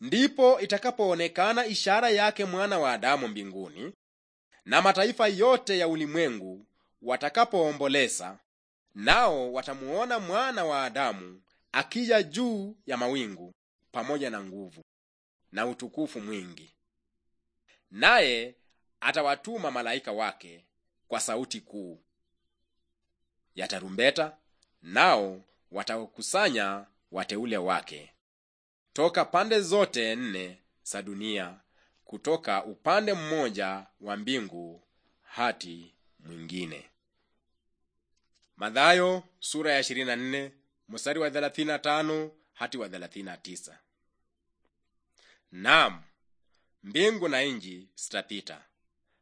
ndipo itakapoonekana ishara yake mwana wa Adamu mbinguni, na mataifa yote ya ulimwengu watakapoomboleza, nao watamuona mwana wa Adamu akija juu ya mawingu pamoja na nguvu na utukufu mwingi, naye atawatuma malaika wake kwa sauti kuu ya tarumbeta, nao watakusanya wateule wake toka pande zote nne za dunia, kutoka upande mmoja wa mbingu hati mwingine. Mathayo sura ya 24 mstari wa 35 wa 39. Naam, mbingu na nchi zitapita,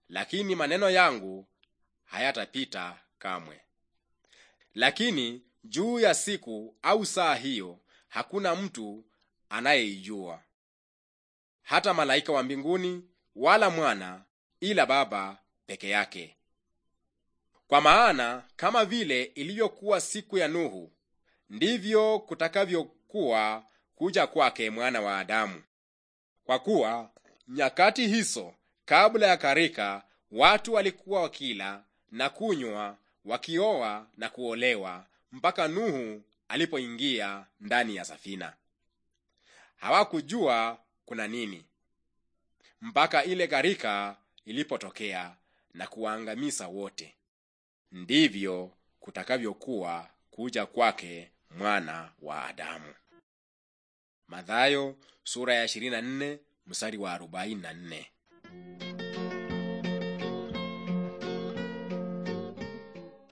lakini maneno yangu hayatapita kamwe. Lakini juu ya siku au saa hiyo hakuna mtu anayeijua, hata malaika wa mbinguni, wala mwana, ila Baba peke yake. Kwa maana kama vile ilivyokuwa siku ya Nuhu, ndivyo kutakavyokuwa kuja kwake mwana wa Adamu. Kwa kuwa nyakati hizo kabla ya karika, watu walikuwa wakila na kunywa, wakioa na kuolewa, mpaka Nuhu alipoingia ndani ya safina hawakujua kuna nini mpaka ile gharika ilipotokea na kuwaangamiza wote. Ndivyo kutakavyokuwa kuja kwake mwana wa Adamu. Mathayo sura ya 24 mstari wa 44.